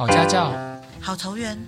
好家教，好投緣。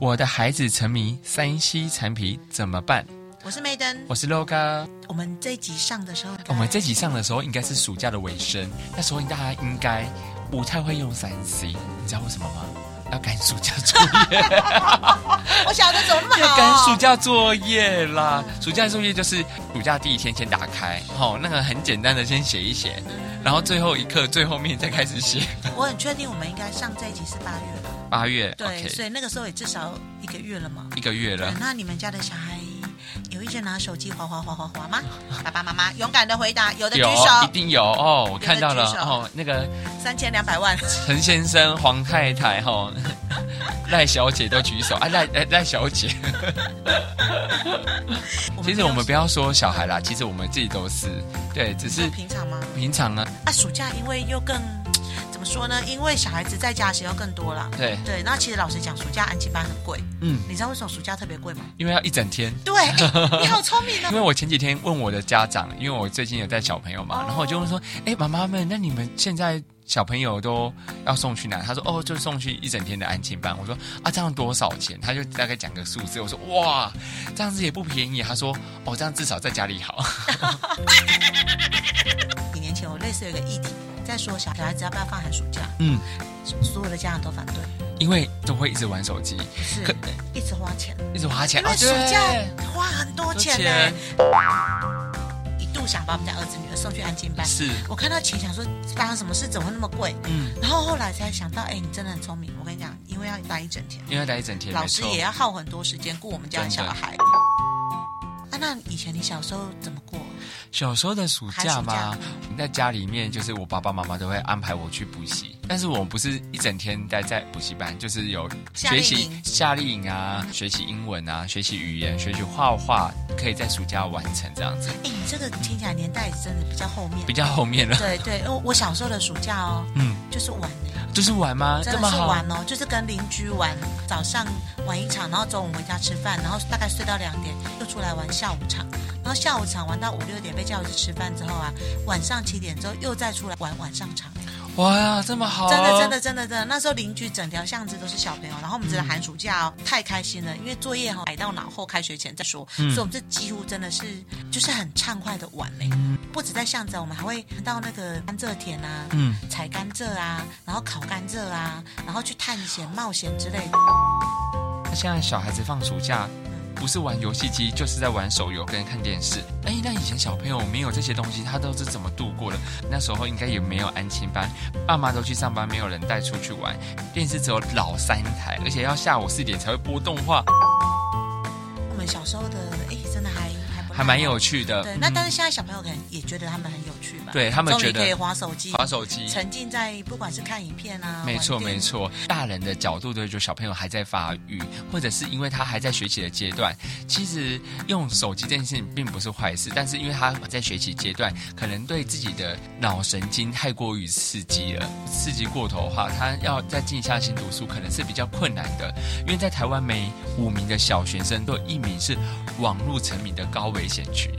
我的孩子沉迷 3C 產品怎麼辦？我是 Madam，我是 Loga。我們這一集上的時候，我們這一集上的時候應該是暑假的尾聲，那時候大家應該不太會用 3C，你知道為什麼嗎？要趕暑假作業 我曉得怎麼買。啊、要趕暑假作業啦， 暑假作業就是暑假第一天先打開，哦，那個很簡單的先寫一寫，然後最後一課最後面再開始寫，嗯。 我很確定，我們應該上這一集是八月吧。八月對，Okay. 所以那個時候也至少一個月了嘛。一個月了。那你們家的小孩？是拿手機滑滑滑滑滑滑嗎？爸爸媽媽勇敢的回答，有的舉手，一定有哦，我看到了哦，那個三千兩百萬，陳先生、黃太太、哈、哦、賴 小姐都舉手啊，賴賴賴小姐。 其實我們不要說小孩啦，其實我們自己都是對，只是平常嗎？平常呢，啊。啊，暑假因為又更。怎麼說呢？因為小孩子在家時候更多了。對對，那其實老師講，暑假安親班很貴。嗯，你知道為什麼暑假特別貴嗎？因為要一整天。對、欸，你好聰明呢、哦。 因為我前幾天問我的家長，因為我最近有帶小朋友嘛，哦、然後我就問說：“哎、欸，媽媽們，那你們現在小朋友都要送去哪？”他說：“哦，就送去一整天的安親班。”我說：“啊，這樣多少錢？”他就大概講個數字。我說：“哇，這樣子也不便宜。”他說：“哦，這樣至少在家裡好。 ” 幾年前我類似有一個議題。在說小孩，小孩子要不要放寒暑假？嗯，所有的家長都反對，因為都會一直玩手機，是，一直花錢， 一直花錢，因為暑假花很多錢呢、欸。啊、錢一度想把我們家兒子女兒送去安親班，是我看到錢想說發生什麼事，怎麼會那麼貴？嗯，然後後來才想到，哎、欸，你真的很聰明。我跟你講，因為要待一整天，因為要待一整天，老師也要耗很多時間顧錯我們家的小孩。的啊，那以前你小時候怎麼過？小時候的暑假嘛，我們在家裡面，就是我爸爸媽媽都會安排我去補習，但是我不是一整天待在補習班，就是有學習夏令營啊，學習英文啊，學習語言，學習畫畫，可以在暑假完成這樣子。哎、欸，你這個聽起來年代真的比較後面，比較後面了。對對我，我小時候的暑假哦，嗯，就是玩。就是玩嗎？這麼好玩哦，就是跟鄰居玩，早上玩一場，然後中午回家吃飯，然後大概睡到兩點，又出來玩下午場，然後下午場玩到五六點被叫去吃飯之後啊，晚上七點之後又再出來玩晚上場、欸。哇呀，wow, 這麼好、啊！真的，真的，真的，真的。那時候鄰居整條巷子都是小朋友，然後我們覺得寒暑假哦、嗯、太開心了，因為作業哈擺到腦後，開學前再說，嗯、所以，我們這幾乎真的是就是很暢快的玩嘞。嗯、不止在巷子，我們還會到那個甘蔗田啊，採、嗯、甘蔗啊，然後烤甘蔗啊，然後去探險、冒險之類的。那現在小孩子放暑假？不是玩遊戲機，就是在玩手遊跟看電視。哎、欸，那以前小朋友沒有這些東西，他都是怎麼度過的？那時候應該也沒有安親班，爸媽都去上班，沒有人帶出去玩，電視只有老三台，而且要下午四點才會播動畫。我們小時候的。還蠻有趣的，哦、對。嗯、那但是現在小朋友可能也覺得他們很有趣吧？對，他們覺得可以滑手機，滑手機，沉浸在不管是看影片啊，沒錯沒錯。沒錯對大人的角度都會覺得小朋友還在發育，或者是因為他還在學習的階段，其實用手機這件事情，並不是壞事，但是因為他在學習階段，可能對自己的腦神經太過於刺激了，刺激過頭的話，他要再靜下心讀書，可能是比較困難的。因為在台灣，每五名的小學生都有一名是網路成癮的高危險區，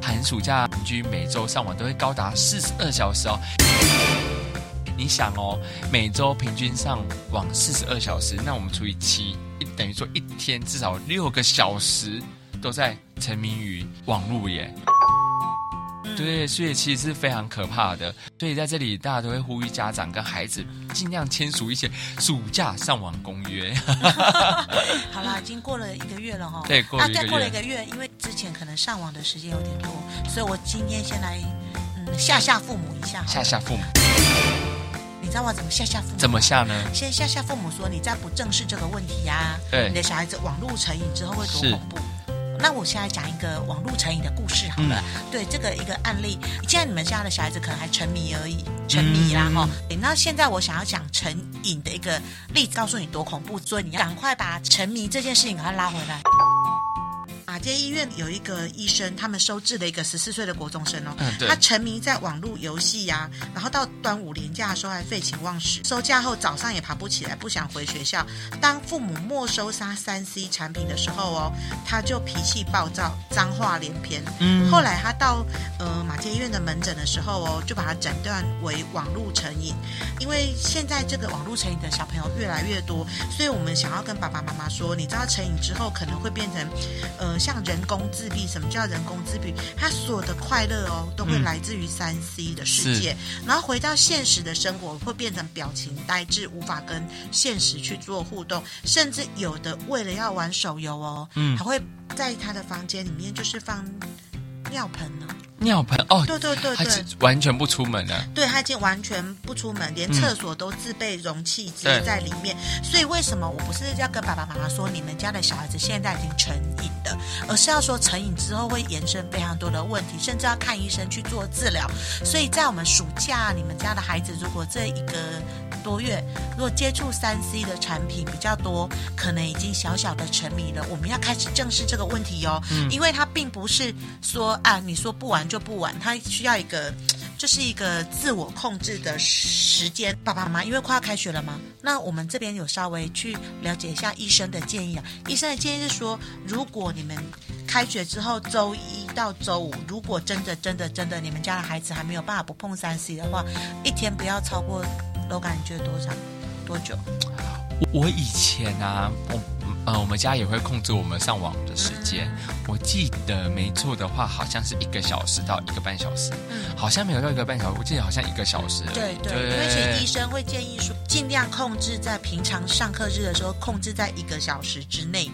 寒暑假平均每週上網都會高達四十二小時哦。你想哦，每週平均上網四十二小時，那我們除以七，等於說一天至少六個小時都在沉迷於網路耶。對，所以其實是非常可怕的。所以在這裡，大家都會呼籲家長跟孩子儘量簽署一些暑假上網公約。 好啦，已經過了一個月了哈、哦。對，過了一個月。大概過了一個月，因為之前可能上網的時間有點多，所以我今天先來嗯嚇嚇父母一下。嚇嚇父母。你知道我怎麼嚇嚇父母？怎麼嚇、啊、呢？先嚇嚇父母，說你再不正視這個問題啊！對，你的小孩子網絡成癮之後會多恐怖。那我現在講一個網絡成癮的故事好了，對這個一個案例，既然你們家的小孩子可能還沉迷而已，沉迷啦哈，那現在我想要講成癮的一個例子，告訴你多恐怖，所以你要趕快把沉迷這件事情給他拉回來。馬偕醫院有一個醫生，他們收治了一個十四歲的國中生哦，嗯、他沉迷在網絡遊戲呀、啊，然後到端午連假的時候還廢寢忘食，收假後早上也爬不起來，不想回學校。當父母沒收他三 C 產品的時候哦，他就脾氣暴躁，髒話連篇。嗯、後來他到呃馬偕醫院的門診的時候哦，就把他診斷為網絡成癮。因為現在這個網絡成癮的小朋友越來越多，所以我們想要跟爸爸媽媽說，你知道成癮之後可能會變成呃。像人工自閉，什麼叫人工自閉？他所有的快樂哦，都會來自於三 C 的世界，嗯、然後回到現實的生活會變成表情呆滯，無法跟現實去做互動，甚至有的為了要玩手遊哦，還、嗯、會在他的房間裡面就是放尿盆呢。尿盆哦，對對對對，還是完全不出門了。對，他已經完全不出門，連廁所都自備容器直接在裡面。嗯、所以為什麼我不是要跟爸爸媽媽說你們家的小孩子現在已經成癮了，而是要說成癮之後會延伸非常多的問題，甚至要看醫生去做治療。所以在我們暑假，你們家的孩子如果這一個多月如果接觸 3C 的產品比較多，可能已經小小的沉迷了。我們要開始正視這個問題哦，嗯、因為他並不是說啊，你說不完。就不玩，他需要一個，就是一個自我控制的時間。爸爸媽媽，因為快要開學了嘛，那我們這邊有稍微去了解一下醫生的建議啊。醫生的建議是說，如果你們開學之後週一到週五，如果真的真的真的，你們家的孩子還沒有辦法不碰三 C 的話，一天不要超過。Loga，感覺多長？多久？我以前啊，我呃，我們家也會控制我們上網的時間。嗯我記得沒錯的話，好像是一個小時到一個半小時，嗯，好像沒有到一個半小時，我記得好像一個小時。對對，對，因為其實醫生會建議說，盡量控制在平常上課日的時候，控制在一個小時之內。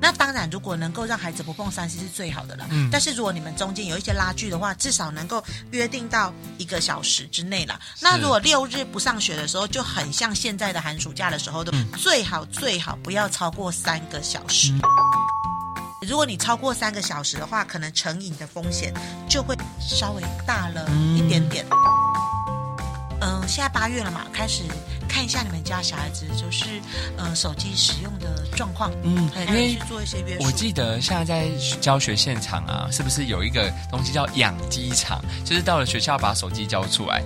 那當然，如果能夠讓孩子不碰三 C 是最好的了。嗯，但是如果你們中間有一些拉鋸的話，至少能夠約定到一個小時之內了。那如果六日不上學的時候，就很像現在的寒暑假的時候都、嗯、最好最好不要超過三個小時。嗯如果你超過三個小時的話，可能成癮的風險就會稍微大了一點點。嗯、呃，現在八月了嘛，開始看一下你們家小孩子就是呃手機使用的狀況。嗯，可以去做一些約束。我記得現在在教學現場啊，嗯、是不是有一個東西叫“養機場”，就是到了學校把手機交出來。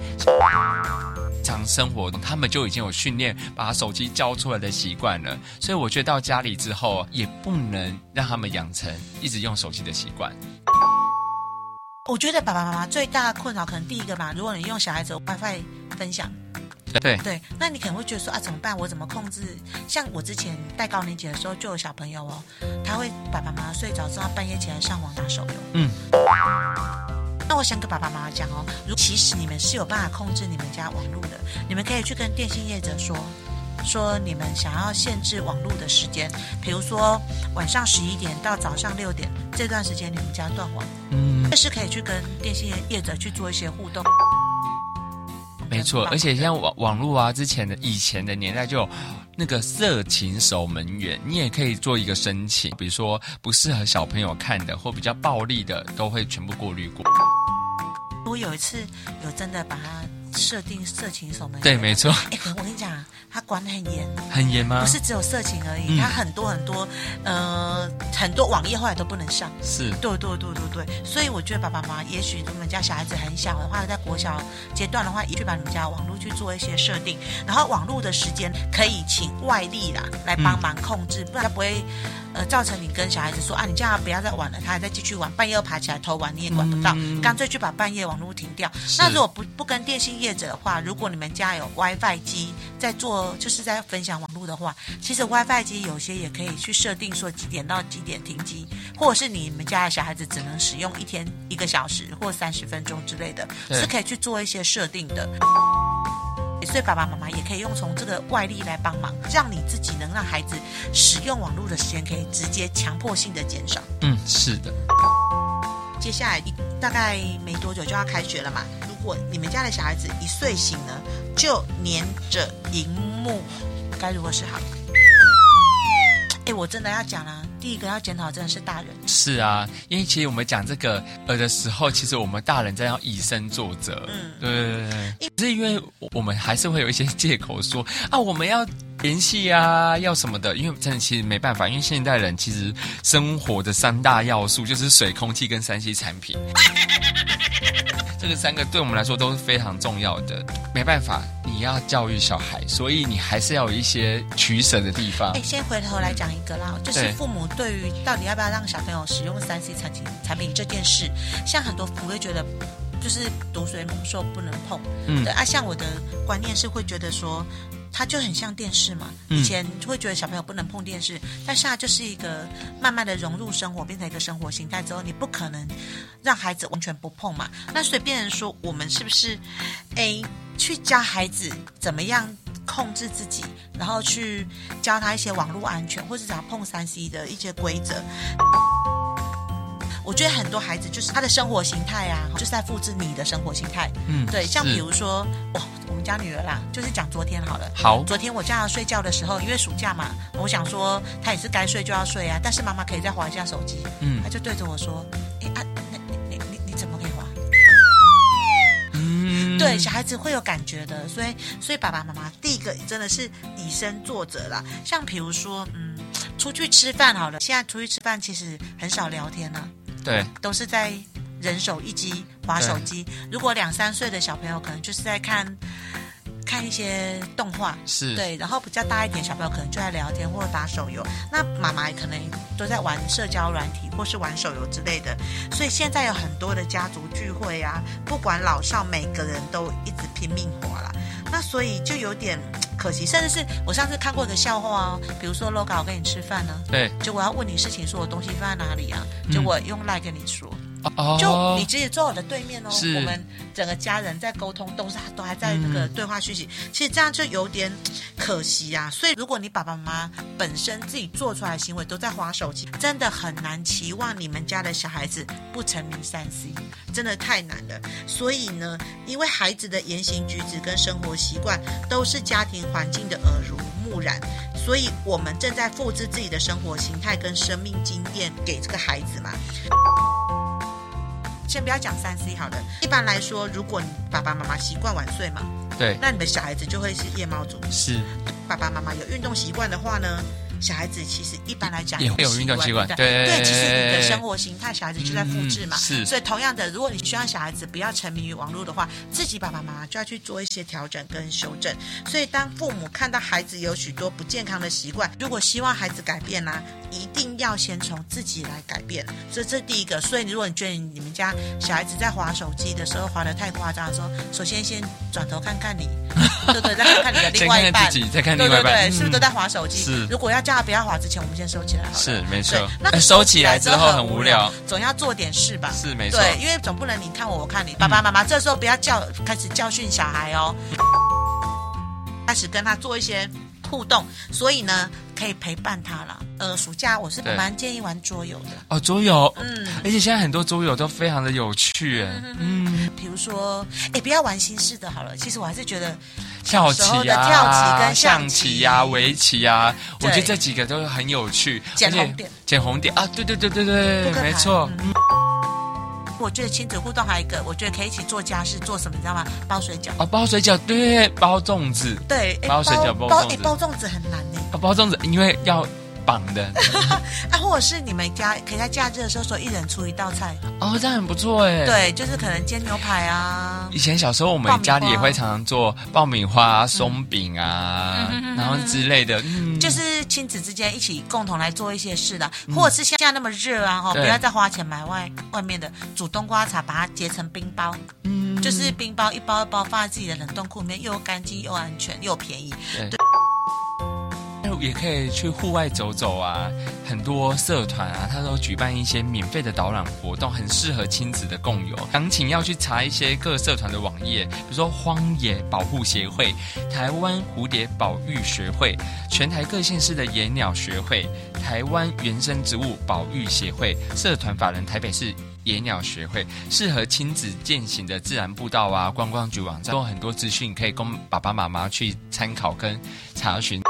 常生活中，他們就已經有訓練把手機交出來的習慣了，所以我覺得到家裡之後，也不能讓他們養成一直用手機的習慣。我覺得爸爸媽媽最大的困擾，可能第一個吧，如果你用小孩子 WiFi 分享，對對，那你可能會覺得說啊，怎麼辦？我怎麼控制？像我之前帶高年級的時候，就有小朋友哦，他會爸爸媽媽睡着之後半夜起來上網打手遊，嗯。我想跟爸爸媽媽講哦，如其實你們是有辦法控制你們家網絡的。你們可以去跟電信業者說，說你們想要限制網絡的時間，比如說晚上十一點到早上六點這段時間，你們家斷網，嗯，這是可以去跟電信業者去做一些互動。沒錯，而且像網網絡啊，之前的以前的年代就那個色情守門員，你也可以做一個申請，比如說不適合小朋友看的或比較暴力的，都會全部過濾過。我有一次有真的把它設定色情什麼的，對，沒錯、欸。我跟你講，他管得很嚴，很嚴嗎？不是只有色情而已，嗯、他很多很多，呃，很多網頁後來都不能上。是，對對對對，對，對，所以我覺得爸爸媽媽，也許你們家小孩子很小的話，在國小階段的話，也去把你們家網絡去做一些設定，然後網絡的時間可以請外力啦來幫忙控制，嗯、不然他不會。呃，造成，你跟小孩子說啊，你叫他不要再玩了，他還在繼續玩，半夜又爬起來偷玩，你也管不到，嗯，乾脆去把半夜網絡停掉。是那如果不不跟電信業者的話，如果你們家有 WiFi 機在做，就是在分享網絡的話，其實 WiFi 機有些也可以去設定說幾點到幾點停機，或者是你們家的小孩子只能使用一天一個小時或三十分鐘之類的，對是可以去做一些設定的。所以爸爸媽媽也可以用從這個外力來幫忙，讓你自己能讓孩子使用網絡的時間可以直接強迫性的減少。嗯，是的。接下來一大概沒多久就要開學了嘛，如果你們家的小孩子一睡醒呢就黏着熒幕，該如何是好？哎、欸，我真的要講啊，第一個要檢討真的是大人。是啊，因為其實我們講這個呃的時候，其實我們大人在要以身作則。嗯，對，對，對，對。對為。是因為我們還是會有一些借口說啊，我們要聯繫啊，要什麼的。因為真的，其實沒辦法，因為現代人其實生活的三大要素就是水、空氣跟 3C 產品。 這個三個對我們來說都是非常重要的，沒辦法。你要教育小孩，所以你還是要有一些取捨的地方。先回頭來講一個啦，就是父母對於到底要不要讓小朋友使用三 C 產品產品這件事，像很多父母覺得。就是毒蛇猛獸不能碰，嗯、對啊，像我的觀念是會覺得說，它就很像電視嘛，以前會覺得小朋友不能碰電視，嗯、但是它就是一個慢慢的融入生活，變成一個生活形態之後，你不可能讓孩子完全不碰嘛。那隨便說，我們是不是，A 去教孩子怎麼樣控制自己，然後去教他一些網絡安全或者怎樣碰三 C 的一些規則。我覺得很多孩子就是他的生活形態啊，就是在複制你的生活形態。嗯，對，像比如說，哇是、哦，我們家女兒啦，就是講昨天好了。好，昨天我叫她睡覺的時候，因為暑假嘛，我想說她也是該睡就要睡啊，但是媽媽可以再滑一下手機。嗯，她就對着我說：“哎、欸啊，你你你你怎麼可以滑？”嗯，對，小孩子會有感覺的，所以所以爸爸媽媽第一個真的是以身作則啦。像比如說，嗯，出去吃飯好了，現在出去吃飯其實很少聊天呢、啊。對，都是在人手一機滑手機。對如果兩三歲的小朋友可能就是在看看一些動畫，是，對，然後比較大一點小朋友可能就在聊天或者打手遊。那媽媽也可能都在玩社交軟體或是玩手遊之類的。所以現在有很多的家族聚會啊，不管老少，每個人都一直拼命滑了。那所以就有點可惜，甚至是，我上次看過一個笑話啊、哦，比如說，Loga 我跟你吃飯呢、啊，對，就我要問你事情說，說我東西放在哪裡啊，就我用賴、like、跟你說。嗯就你直接坐我的對面哦，是我們整個家人在溝通，都是都還在那個對話訊息。嗯、其實這樣就有點可惜啊。所以如果你爸爸媽媽本身自己做出來的行為都在滑手機，真的很難期望你們家的小孩子不沉迷 3C，真的太難了。所以呢，因為孩子的言行舉止跟生活習慣都是家庭環境的耳濡目染，所以我們正在複製自己的生活形態跟生命經驗給這個孩子嘛。先不要講 3C 好了。一般來說，如果你爸爸媽媽習慣晚睡嘛，對，那你的小孩子就會是夜貓族。是，爸爸媽媽有運動習慣的話呢？小孩子其實一般來講的也會有運動習慣，對對，對，其實你的生活形態，小孩子就在複製嘛。嗯、是。所以同樣的，如果你希望小孩子不要沉迷於網絡的話，自己爸爸媽媽就要去做一些調整跟修正。所以當父母看到孩子有許多不健康的習慣，如果希望孩子改變啦，一定要先從自己來改變。所以這這第一個。所以如果你覺得你們家小孩子在滑手機的時候滑得太誇張的時候，首先先轉頭看看你，對對，再看看你的另外一半，先看看自己，再看另外一半對對對，嗯、是不是都在滑手機？如果要這樣。他不要滑之前，我們先收起來好。是，沒錯。那收起來之後很無聊，總要做點事吧？是，沒錯。對，因為總不能你看我，我看你。嗯、爸爸媽媽，這時候不要教，開始教訓小孩哦，嗯、開始跟他做一些互動。所以呢。可以陪伴他了。呃，暑假我是蠻建議玩桌遊的。哦，桌遊。嗯，而且現在很多桌遊都非常的有趣。嗯哼哼，比如說，哎、欸，不要玩新式的好了。其實我還是覺得跳棋、棋、棋啊、跳棋跟象棋呀、圍棋呀，我覺得這幾個都很有趣。撿對且紅點。撿紅點啊！對對對對對，沒錯錯。嗯我覺得親子互動還有一個，我覺得可以一起做家事，做什麼你知道嗎？包水餃哦，包水餃，對，包粽子，對，包水餃，包包粽子很難呢，哦，包粽子因為要。棒的， 啊，或者是你們家可以在假日的時候說一人出一道菜哦，這樣很不錯哎。對，就是可能煎牛排啊。以前小時候我們家裡也會常常做爆米花、鬆餅啊，嗯、然後之類的。嗯、就是親子之間一起共同來做一些事的，嗯、或者是像現在那麼熱啊、哦，哈對，不要再花錢買外外面的，煮冬瓜茶，把它結成冰包。嗯，就是冰包一包一包放在自己的冷凍庫裡面，又乾淨又安全又便宜。對。對也可以去戶外走走啊，很多社團啊，他都舉辦一些免費的導覽活動，很適合親子的共遊。詳情要去查一些各社團的網頁，比如說荒野保護協會、台灣蝴蝶保育學會、全台各縣市的野鳥學會、台灣原生植物保育協會、社團法人台北市野鳥學會，適合親子踐行的自然步道啊，觀光局網站都有很多資訊可以供爸爸媽媽去參考跟查詢。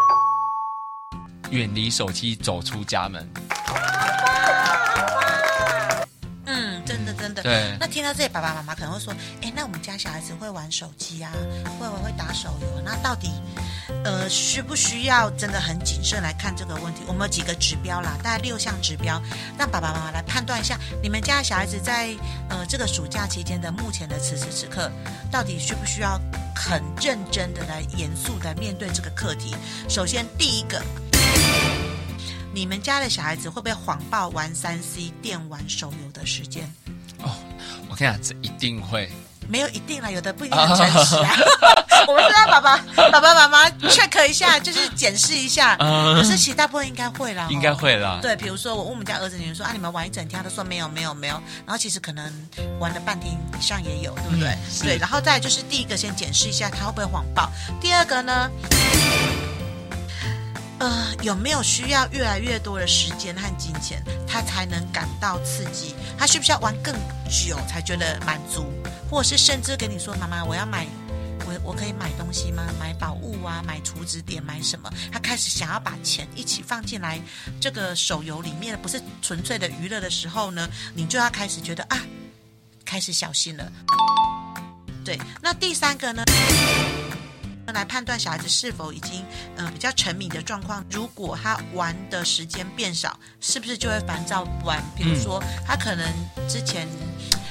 遠離手機，走出家門。嗯，真的，真的。對。那聽到這裡，爸爸媽媽可能會說：“哎，那我們家小孩子會玩手機啊，會不會打手遊，那到底，呃，需不需要真的很謹慎來看這個問題？我們有幾個指標啦，大概六項指標，讓爸爸媽媽來判斷一下，你們家小孩子在呃這個暑假期間的目前的此時此刻，到底需不需要很認真的來嚴肅的面對這個課題？首先，第一個。你們家的小孩子會不會謊報玩 3C 電玩手遊的時間？哦，我跟你講，這一定會沒有一定啦，有的不一定很真實啊。哦、 我們是讓爸爸、 爸爸、媽媽 check 一下，就是檢視一下，嗯、可是其他部分應該會啦、哦，應該會啦。對，比如說我問我們家兒子，你們說啊，你們玩一整天，他都說沒有、沒有、沒有，然後其實可能玩了半天以上也有，對不對？是對，然後再就是第一個，先檢視一下他會不會謊報；第二個呢？嗯呃，有沒有需要越來越多的時間和金錢，他才能感到刺激？他需不需要玩更久才覺得滿足？或者是甚至跟你說，媽媽，我要買，我我可以買東西嗎？買寶物啊，買儲值點，買什麼？他開始想要把錢一起放進來這個手遊裡面，不是純粹的娛樂的時候呢，你就要開始覺得啊，開始小心了。對，那第三個呢？來判斷小孩子是否已經嗯、呃、比較沉迷的狀況。如果他玩的時間變少，是不是就會煩躁？玩，比如說他可能之前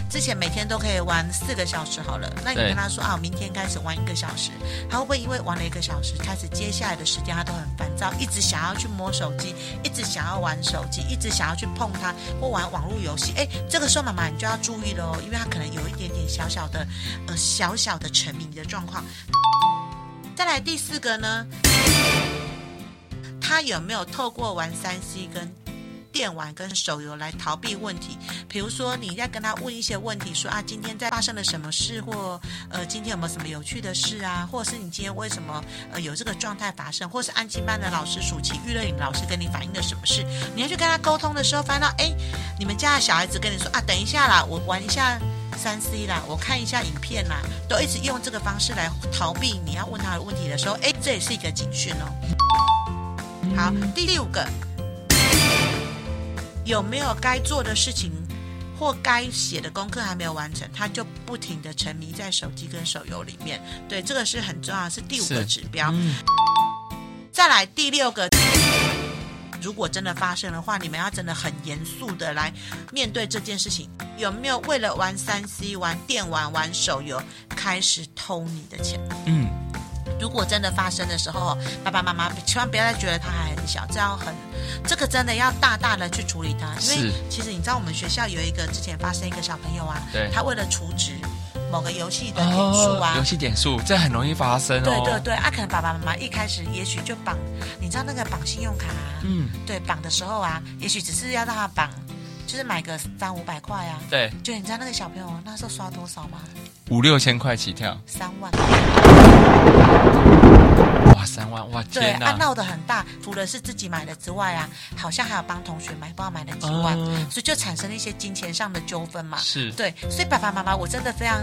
之前每天都可以玩四個小時好了，那你跟他說對啊，明天開始玩一個小時，他會不會因為玩了一個小時，開始接下來的時間他都很煩躁，一直想要去摸手機，一直想要玩手機，一直想要去碰他或玩網絡遊戲？哎，這個時候媽媽你就要注意了哦，因為他可能有一點點小小的呃小小的沉迷的狀況。再來第四個呢，他有沒有透過玩 3C 跟電玩跟手遊來逃避問題？比如說你在跟他問一些問題，說啊今天在發生了什麼事，或呃今天有沒有什麼有趣的事啊，或是你今天為什麼呃有這個狀態發生，或是安親班的老師、暑期育樂營老師跟你反映的什麼事，你要去跟他溝通的時候，發現到哎、欸、你們家的小孩子跟你說啊等一下啦，我玩一下，3C 啦，我看一下影片啦，都一直用這個方式來逃避。你要問他的問題的時候，哎，這也是一個警訊哦。好，第六個，有沒有該做的事情或該寫的功課還沒有完成，他就不停的沉迷在手機跟手遊裡面。對，這個是很重要，是第五個指標。嗯，再來第六個。如果真的發生的話，你們要真的很嚴肅的來面對這件事情。有沒有為了玩 3C、玩電玩、玩手遊，開始偷你的錢？嗯，如果真的發生的時候，爸爸媽媽千萬不要再覺得他還很小，這樣很，這個真的要大大的去處理他。因為其實你知道，我們學校有一個之前發生一個小朋友啊，對他為了儲值，某個遊戲的、啊哦、點數啊，遊戲點數，這很容易發生哦。對對對，阿、啊、肯爸爸媽媽一開始也許就綁，你知道那個綁信用卡、啊，嗯，對，綁的時候啊，也許只是要讓他綁，就是買個三五百塊啊。對，就你知道那個小朋友、啊、那時候刷多少嗎？五六千塊起跳。三萬。哇，三萬，哇！對，啊鬧得很大，除了是自己買的之外啊，好像還有幫同學買，不知道買了幾萬，呃、所以就產生了一些金錢上的糾紛嘛。是對，所以爸爸媽媽，我真的非常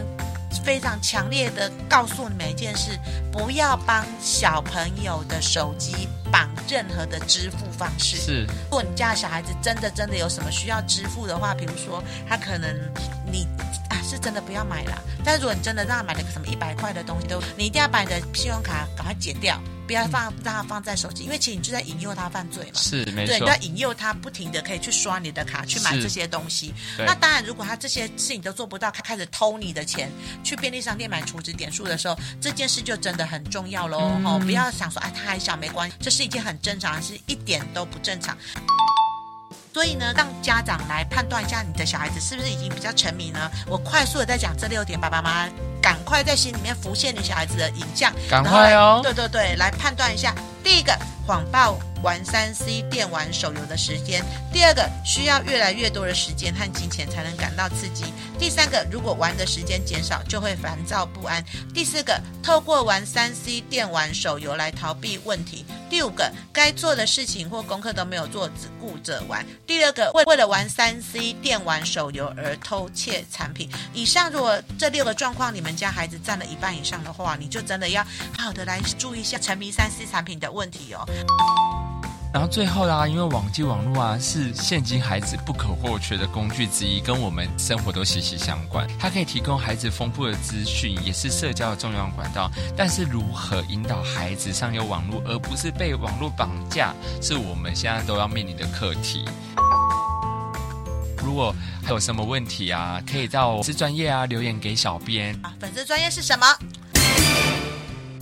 非常強烈的告訴你們一件事：不要幫小朋友的手機，任何的支付方式是，如果你家小孩子真的真的有什麼需要支付的話，比如說他可能你啊是真的不要買啦，但是如果你真的讓他買了什麼一百塊的東西，都你一定要把你的信用卡趕快剪掉。不要放，讓他放在手機，因為其實你就在引誘他犯罪嘛。是，沒錯。對，你在引誘他不停的可以去刷你的卡去買這些東西。那當然，如果他這些事情都做不到，他開始偷你的錢，去便利商店買儲值點數的時候，這件事就真的很重要嘍。嗯、哦，不要想說，哎，他還小，沒關係，這是一件很正常，還是一點都不正常。所以呢，讓家長來判斷一下你的小孩子是不是已經比較沉迷呢？我快速的再講這六點，爸爸媽媽。趕快在心裡面浮現你小孩子的影像，趕快哦！對對對，來判斷一下，第一個謊報玩三 C 電玩手遊的時間，第二個需要越來越多的時間和金錢才能感到刺激，第三個如果玩的時間減少就會煩躁不安，第四個透過玩三 C 電玩手遊來逃避問題，第五個該做的事情或功課都沒有做，只顧着玩，第六個為為了玩三 C 電玩手遊而偷竊產品。以上如果這六個狀況你們家孩子占了一半以上的話，你就真的要好好的來注意一下沉迷三 C 產品的問題哦。然後最後啦、啊，因為網際網絡啊是現今孩子不可或缺的工具之一，跟我們生活都息息相關。它可以提供孩子豐富的資訊，也是社交的重要管道。但是如何引導孩子上游網絡，而不是被網絡綁架，是我們現在都要面臨的課題。如果還有什麼問題啊，可以到粉絲專頁啊留言給小編。粉絲專頁是什麼？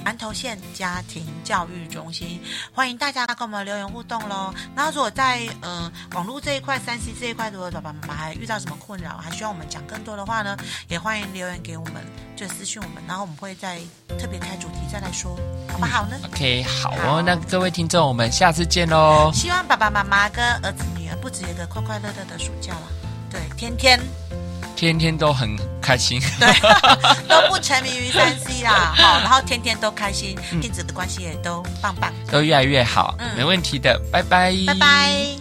南投縣家庭教育中心，歡迎大家跟我們留言互動嘍。然後如果在嗯、呃、網絡這一塊、3C 這一塊，如果爸爸媽媽還遇到什麼困擾，還需要我們講更多的話呢，也歡迎留言給我們，就私訊我們。然後我們會再特別開主題再來說，嗯、好不好呢？OK，好哦。那各位聽眾，我們下次見嘍。希望爸爸媽媽跟兒子女兒不只一個快快樂樂的暑假啦，對，天天。天天都很開心，對， 都不沉迷於 3C 啦，哈， 然後天天都開心，親、嗯、子的關係也都棒棒，都越來越好，嗯，沒問題的，拜拜，拜拜。